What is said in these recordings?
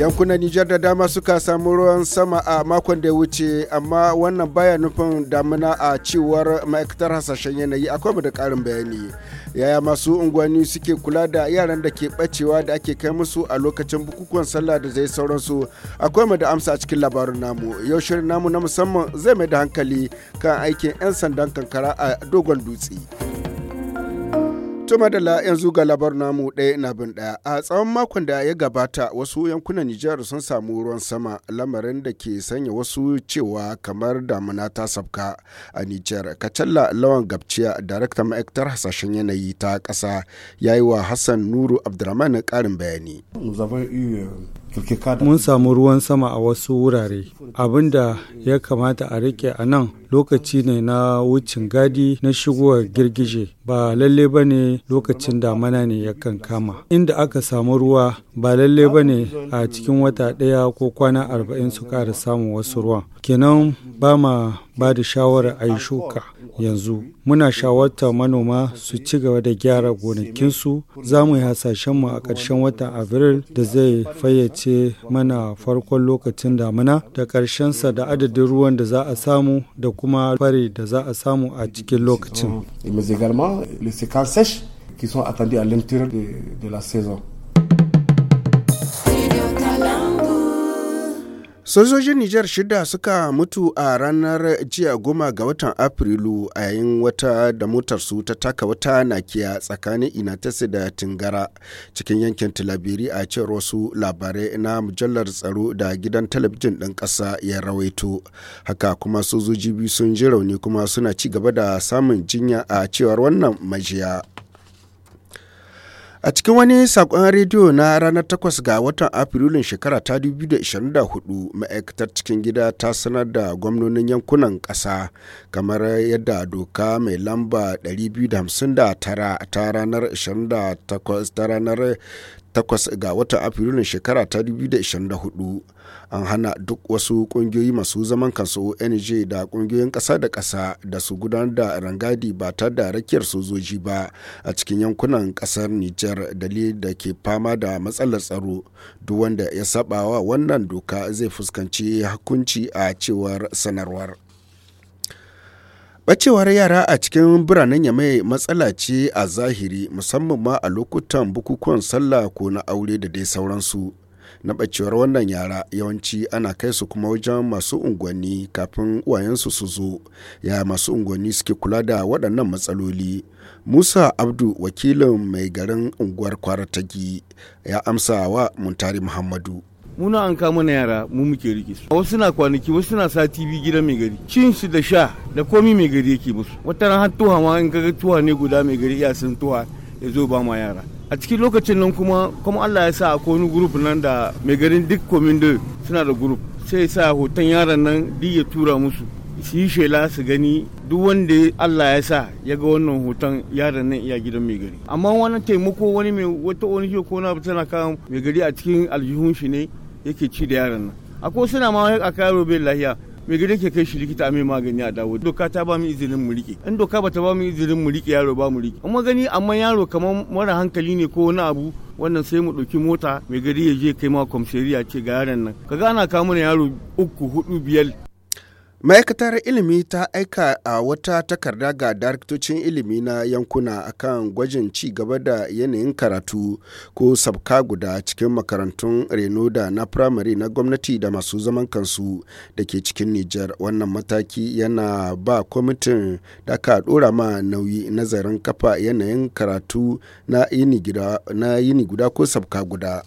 yankunan nijar da dama suka samu ruwan sama a makon da ya wuce amma wannan baya nufin damuna a cewar ma'aikatar hasashen yanayi akwai mu da karin bayani yaya masu unguwanni suke kula da yaran da ke bacewa da ake kai musu a lokacin bukukuwan sallah da zai sauransu akwai mu da amsa a cikin labarin namu yau shirin namu na musamman zai mai da hankali kan aikin 'yan sandan kankara a dogon dutse. Tuma da la yanzu ga labar namu ɗaya na bin ɗaya. A tsawon makon da ya gabata wasu yankunan Nijar sun samu ruwan sama lamarin da ke sanya wasu cewa kamar damuna ta sabka a Nijar. Kacalla Lawan Gabciya, daraktan ma'aikatar hasashen yanayi ta ƙasa, ya yi wa Hassan Nuru Abdulrahman ƙarin bayani. mun samu ruwan sama a wasu wurare abin da ya kamata a rike a nan lokaci ne na wucin gadi na shigowar girgije ba lalle ba ne lokacin damana ne ya kan kama inda aka samu ruwa ba lalle ba ne a cikin wata ɗaya ko kwana arba'in su ƙara samun wasu ruwan kenan ba ma ba da shawarar a yi shuka yanzu muna shawarta manoma su ci gaba da gyara gonakinsu za mu yi hasashenmu a ƙarshen watan abril da zai fayyace mana farkon lokacin damina da ƙarshensa da adadin ruwan da za a samu da kuma fari da za a samu a cikin lokacin. sojojin nijar shida suka mutu a ranar jiya goma ga watan afrilu a yayin wata da motarsu ta taka wata na nakiya tsakanin inatasi da tingara cikin yankin tilabiri a cewar wasu labarai na mujallar tsaro da gidan talabijin ɗin ƙasa ya rawaito haka kuma sojoji biyu sun ji rauni kuma suna ci gaba da samun jinya a cewar wannan majiya A cikin wani sakon rediyo na ranar 8 ga watan Afrilun shekara ta 2024 ma'aikatar cikin gida ta sanar da gwamnonin yankunan ƙasa kamar yadda doka mai lamba 259 ta ranar 28 ga watan Afrilun shekara ta 2024 an hana duk wasu kungiyoyi masu zaman kansu ONG da kungiyoyin ƙasa da ƙasa da su gudanar da rangadi ba ta da rakiyar sojoji ba a cikin yankunan ƙasar Nijar dalil da ke fama da matsalar tsaro duk wanda ya saba wa wannan doka zai fuskanci hukunci a cewar sanarwar. Bacewar yara a cikin biranen Yamai matsala ce a zahiri musamman ma a lokutan bukukuwan sallah ko na aure da dai sauransu. na ɓacewar wannan yara yawanci ana kai su kuma wajen masu unguwanni kafin uwayensu su zo ya masu unguwanni suke kula da waɗannan matsaloli musa abdu wakilin mai garin unguwar kwaratagi ya amsa wa muntari muhammadu muna an kama na yara mu muke rike su wasu na kwanaki wasu na sati biyu gidan mai gari cin su da sha da komi mai gari yake musu wata ran har tuwa ma in kaga tuwa ne guda mai gari iya sun tuwa ya zo ba ma yara a cikin lokacin nan kuma kuma Allah ya sa akwai wani group nan da mai garin duk komin suna da group sai sa hoton yaran nan duk ya tura musu su yi shela su gani duk wanda Allah ya sa ya ga wannan hoton yaran nan iya gidan mai gari amma wani taimako wani mai wata wani ko na tana kawo mai gari a cikin aljihun shi ne yake ci da yaran nan akwai suna ma a karo bai lahiya mai gidan ke kai shi likita mai magani a dawo doka ta ba mu izinin mu rike in doka bata ta ba mu izinin mu rike yaro ba mu rike amma gani amma yaro kamar mara hankali ne ko wani abu wannan sai mu ɗauki mota mai gari ya je kai ma kwamshariya ce ga yaron nan kaga ana kawo mana yaro uku hudu biyar ma'aikatar ilimi ta aika a wata takarda ga daraktocin ilimi na yankuna akan gwajin ci gaba da yanayin karatu ko sabka guda cikin makarantun reno da na firamare na gwamnati da masu zaman kansu da ke cikin nijar wannan mataki yana ba kwamitin da ka dora ma nauyi nazarin kafa yanayin karatu na yini guda ko sabka guda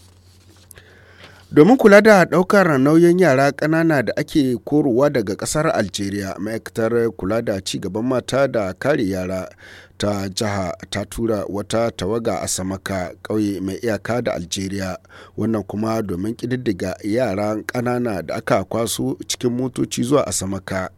Domin kula da ɗaukar nauyin yara ƙanana da ake korowa daga ƙasar Algeria, ma'aikatar kula da ci gaban mata da kare yara ta jiha ta tura wata tawaga a samaka ƙauye mai iyaka da Algeria, wannan kuma domin ƙididdiga yaran ƙanana da aka kwaso cikin motoci zuwa a samaka.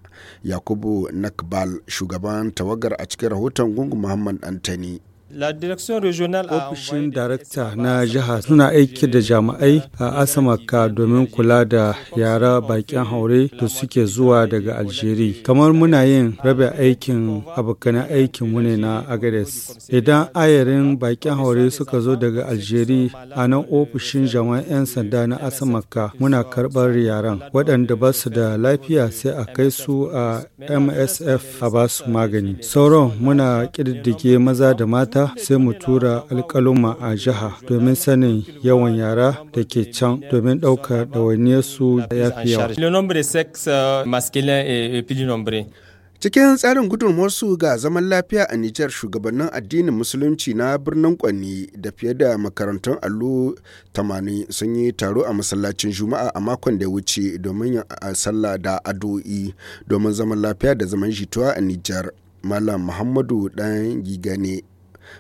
Yakubu Nakbal, shugaban tawagar a cikin rahoton gungun Muhammad Antani. Ofishin darakta na jiha suna aiki da jami'ai a Asamaka domin kula da yara bakin haure da suke zuwa daga algeria Kamar muna yin rabe aikin abokan aikin mu ne na Agades. Idan ayarin bakin haure suka zo daga algeria a nan ofishin jami'an 'yan sanda na Asamaka muna karɓar yaran waɗanda ba su da lafiya sai a kai su a MSF a ba su magani. Sauran muna ƙididdige maza da mata sai mu tura alkaluma a jiha domin sanin yawan yara da ke can domin ɗaukar ɗawainiyarsu da ya fi yawa. Cikin tsarin gudunmuwarsu ga zaman lafiya a Nijar shugabannin addinin Musulunci na birnin Kwanni da fiye da makarantun allo 80 sun yi taro a masallacin Juma'a a makon da ya wuce domin yin sallah da addu'o'i domin zaman lafiya da zaman jituwa a Nijar. Malam Muhammadu dan Gigane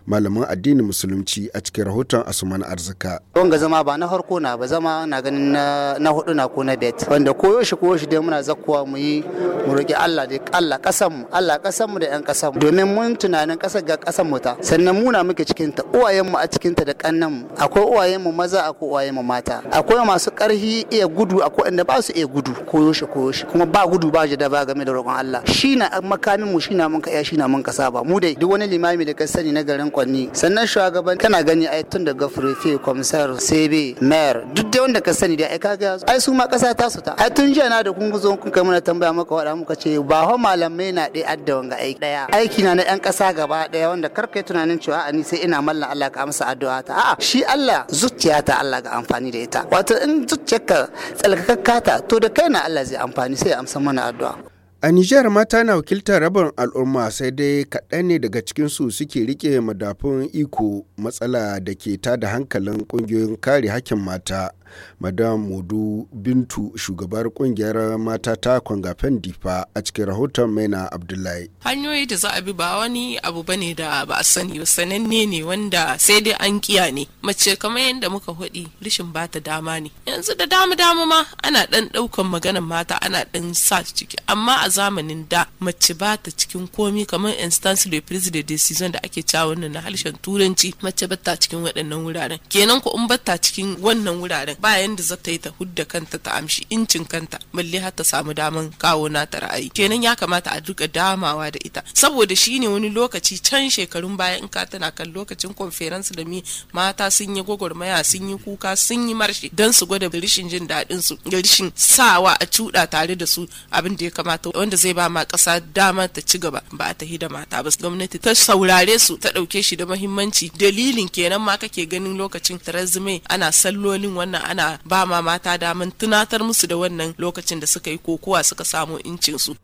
malamin addinin musulunci a cikin rahoton asuman arzika. wanga zama ba na harko na ba zama na ganin na hudu na ko na bet wanda koyo shi koyo shi dai muna zakkuwa mu yi mu roƙi Allah dai Allah kasan mu Allah kasan mu da ƴan kasan mu domin mun tunanin kasar ga kasan mu ta sannan muna muke cikin ta uwayen mu a cikin ta da kannan mu akwai uwayen mu maza akwai uwayen mu mata akwai masu karhi iya gudu akwai inda ba su iya gudu koyo shi koyo shi kuma ba gudu ba ji da ba game da roƙon Allah shi na makamin mu shi na mun ka iya shi na mun ka saba mu dai duk wani limami da ka sani na garin kwanni sannan shugaban kana gani ai tun daga furefe komisar sebe mayor duk da wanda ka sani da ai kaga ai su ma kasa ta su ta ai tun jiya na da kun guzo kun kai mana tambaya maka wada muka ce ba ho malamai na dai adda wanga aiki daya aiki na na yan kasa gaba daya wanda kar kai tunanin cewa ani sai ina mallan Allah ka amsa addu'a ta a'a shi Allah zuciya ta Allah ga amfani da ita wato in zuciyarka tsalkakakka ta to da kai na Allah zai amfani sai ya amsa mana addu'a A Nijar mata na wakiltar rabin al'umma sai dai kaɗan ne daga cikin su suke rike madafun iko matsala da ke tada hankalin ƙungiyoyin kare hakkin mata. madam modu bintu shugabar kungiyar mata ta kwangafen difa a cikin rahoton maina abdullahi hanyoyi da za a bi ba wani abu bane da ba a sani ba sananne ne wanda sai dai an kiya ne mace kamar yadda muka hudi rishin ba ta dama ne yanzu da dama dama ma ana dan daukan maganar mata ana dan sa ciki amma a zamanin da mace ba ta cikin komi kamar instance de prise de decision da ake cewa wannan na harshen turanci mace ba ta cikin waɗannan wuraren kenan ko in ba cikin wannan wuraren ba yanda za ta yi ta hudda kanta ta amshi incin kanta balle har ta samu daman kawo na ta ra'ayi kenan ya kamata a duka damawa da ita saboda shi ne wani lokaci can shekarun baya in ka tana kan lokacin conference da mi mata sun yi gwagwarmaya sun yi kuka sun yi marshe don su gwada rishin jin daɗin su da rishin sawa a cuɗa tare da su abin da ya kamata wanda zai ba ma ƙasa dama ta ci gaba ba ta hida mata ba gwamnati ta saurare su ta ɗauke shi da mahimmanci dalilin kenan ma kake ganin lokacin tarazime ana sallolin wannan ana ba ma mata damar tunatar musu da wannan lokacin da suka yi kokowa suka samu incin su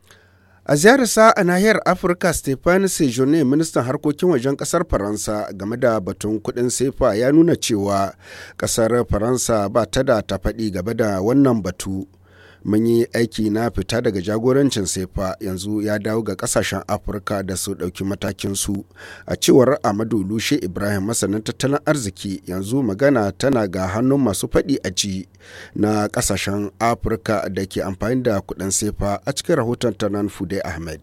A ziyararsa a nahiyar Afirka Stéphane Sejourné ministan harkokin wajen kasar Faransa game da batun kudin sefa ya nuna cewa kasar Faransa ba ta da ta faɗi game da wannan batu. mun yi aiki na fita daga jagorancin sefa yanzu ya dawo ga kasashen afirka da su ɗauki matakin su a cewar amadu lushe ibrahim masanin tattalin arziki yanzu magana tana ga hannun masu faɗi a ji na kasashen afirka da ke amfani da kuɗin sefa a cikin rahoton tanan fude ahmed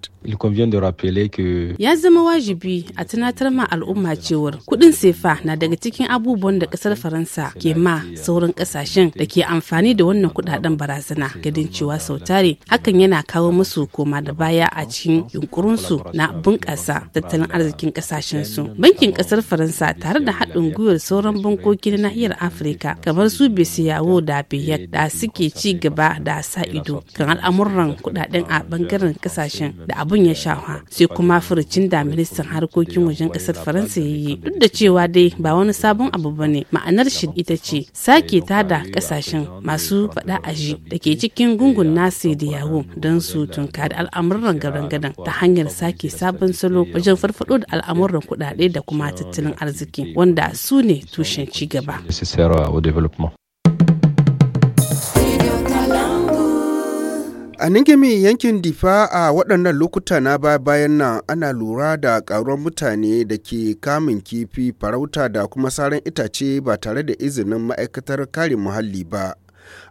ya zama wajibi a tunatar ma al'umma cewar kuɗin sefa na daga cikin abubuwan da ƙasar faransa ke ma sauran ƙasashen da ke amfani da wannan kuɗaɗen barazana ganin cewa sautari hakan yana kawo musu koma da baya a cikin yunkurinsu na bunƙasa tattalin arzikin ƙasashensu. Bankin ƙasar Faransa tare da haɗin gwiwar sauran bankoki na nahiyar Afirka kamar su Besiyawo da Biyar da suke ci gaba da sa ido kan al'amuran kuɗaɗen a ɓangaren ƙasashen da abun ya shafa sai kuma furucin da ministan harkokin wajen ƙasar Faransa ya yi duk da cewa dai ba wani sabon abu ba ne ma'anar shi ita ce sake tada ƙasashen masu faɗa aji da ke ciki. cikin gungun nasi da yawo don su tunkari al'amuran garangadan ta hanyar sake sabon salo wajen farfado da al'amuran kuɗaɗe da kuma tattalin arziki wanda su ne tushen ci gaba. A Ningimi yankin Difa a waɗannan lokuta na bayan nan ana lura da ƙaruwar mutane da ke kamun kifi farauta da kuma saran itace ba tare da izinin ma'aikatar kare muhalli ba.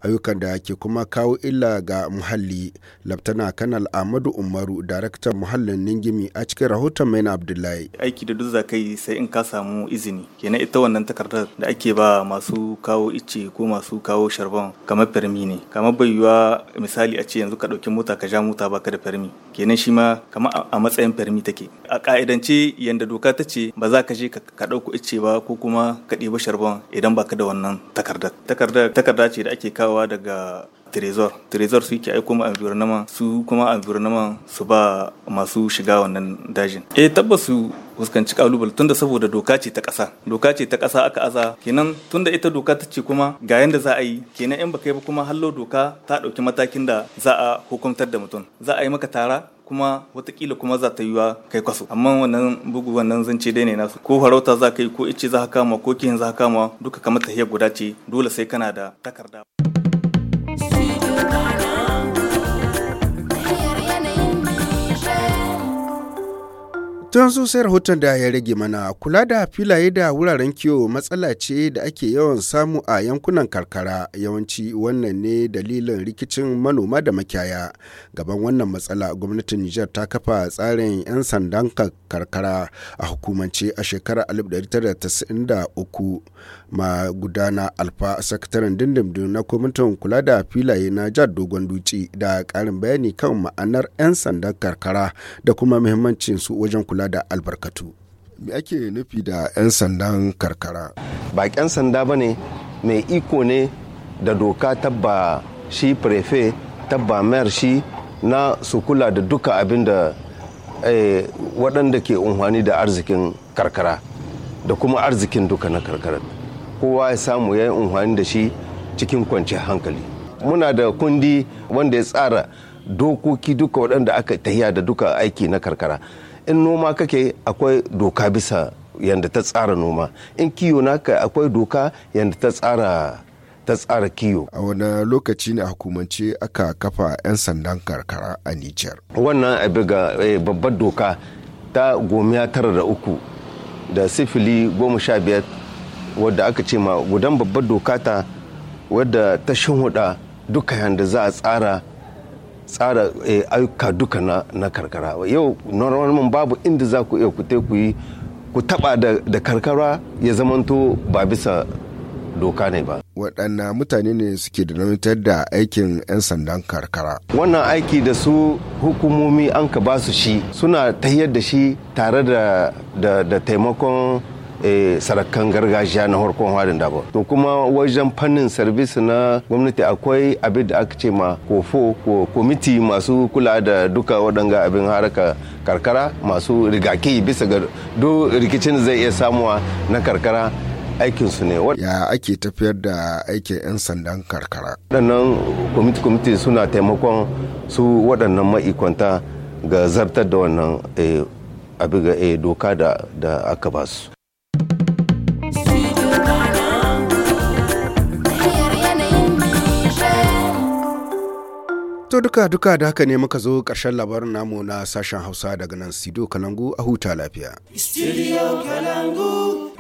ayyukan da ke kuma kawo illa ga muhalli laftana kanal amadu umaru daraktan muhallin ningimi a cikin rahoton maina abdullahi aiki da duk zakai sai in ka samu izini kenan ita wannan takardar da ake ba masu kawo ice ko masu kawo sharbon kamar fermi ne kamar bai yiwa misali a ce yanzu ka ɗauki mota ka ja mota baka da fermi kenan shi ma kamar a matsayin fermi take a ka'idance yanda doka ta ce ba za ka je ka ɗauko icce ba ko kuma ka ɗebi sharbon idan baka da wannan takardar takardar takarda ce da ake ake kawowa daga trezor trezor su yake aiko ma naman su kuma environnement su ba masu shiga wannan dajin eh tabbas su fuskanci kalubale tunda saboda doka ce ta kasa doka ce ta ƙasa aka aza kenan tunda ita doka ta ce kuma ga yanda za a yi kenan in baka yi ba kuma hallo doka ta ɗauki matakin da za a hukuntar da mutum za a yi maka tara kuma watakila kuma za ta yiwa kai kwaso amma wannan bugu wannan zance dai ne nasu ko farauta za ka yi ko ice za ka kama ko kihin za ka kama duka kamar tahiyar guda ce dole sai kana da takarda Hoton sosai rahoton da ya rage mana kula da filaye da wuraren kiwo matsala ce da ake yawan samu a yankunan karkara yawanci wannan ne dalilin rikicin manoma da makiyaya. Gaban wannan matsala gwamnatin Nijar ta kafa tsarin 'yan sandan karkara a hukumance a shekarar 1993 magudana alfa sakataren dindindin na kwamitin kula da filaye na jihar dogon duci da karin bayani kan ma'anar 'yan sandan karkara da kuma muhimmancin su wajen kula da albarkatu me ake nufi da 'yan sandan karkara ba 'yan sanda ba ne mai iko ne da doka tabba shi prefe tabba mayar shi na su kula da duka abin da eh, waɗanda ke unhwani da arzikin karkara da kuma arzikin duka na karkarar kowa ya samu ya yi unhwani da shi cikin kwanciyar hankali muna da kundi wanda ya tsara dokoki duka waɗanda aka tahiya da duka aiki na karkara in noma kake akwai doka bisa yadda ta tsara noma in kiyo naka akwai doka yadda ta tsara ta tsara kiyo. A wani lokaci ne a hukumance aka kafa 'yan sandan karkara a Nijar. Wannan abu ga eh, babbar doka ta gomiya tara da uku da sifili goma sha biyar wadda aka ce ma gudan babbar doka ta wadda ta shinhuda duka yadda za a tsara tsara eh, ayyuka duka na karkara yau norman babu inda za ku iya kute ku yi ku taba da karkara ya zamanto ba bisa doka ne ba waɗanne mutane ne suke da da aikin 'yan sandan karkara wannan aiki da su hukumomi an ka ba su shi suna tahiyar da shi tare da taimakon Eh, sarakan gargajiya na harkon harin daba to kuma wajen fannin sarbis na gwamnati akwai abin da aka ce ma kofo ko komiti masu kula da duka waɗanga abin haraka karkara masu rigaki bisa ga do rikicin zai iya samuwa na karkara aikin su ne ya ake tafiyar da aikin 'yan sandan karkara waɗannan kwamiti-kwamiti suna taimakon su waɗannan ma'ikwanta ga zartar da wannan eh, abin ga eh, doka da aka ba To duka duka da haka ne muka zo ƙarshen labarin namu na sashen Hausa daga nan Sido Kalangu a huta lafiya. Studio Kalangu.